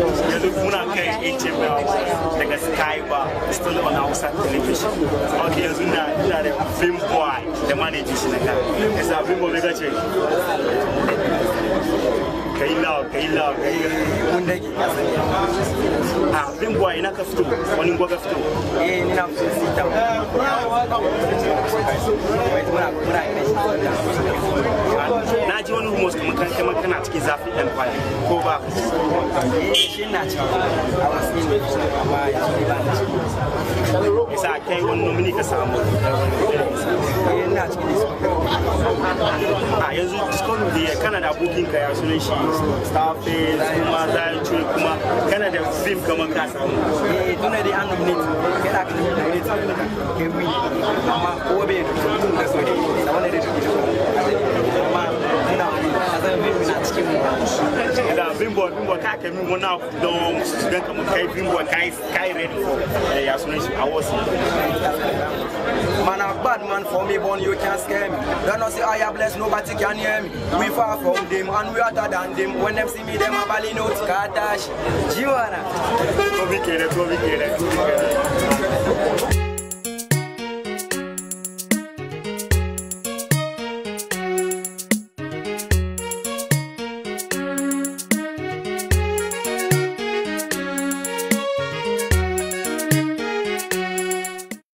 yanzu muna kai HM daga Sky ba still on Hausa television. Ok yanzu na ina da film boy da manager shi na ka. Isa film boy ce. Kai lawa kai lawa kai mun da ki asali. Ah film boy ina ka fito wani gwa ka fito. Eh ni fito sita. Wai san kamar kana cikin zafin yan kwali ko ba shi na cikin isa kai wani nomini ka samu eh, a yanzu discord da kana da abokin ka ya sunan shi starface kuma zayan cure kuma kana da film kamar ka samu eh tuna dai an nominate kai ka nominate kai amma ko bai da da so ne bimbo bimbo ka ka mi wona don student am kai bimbo kai kai ready for eh as soon as I man a bad man for me born you can't scare me don't know say I am blessed nobody can hear me we far from them and we other than them when them see me them a balinote kadash jiwana go be kere go be kere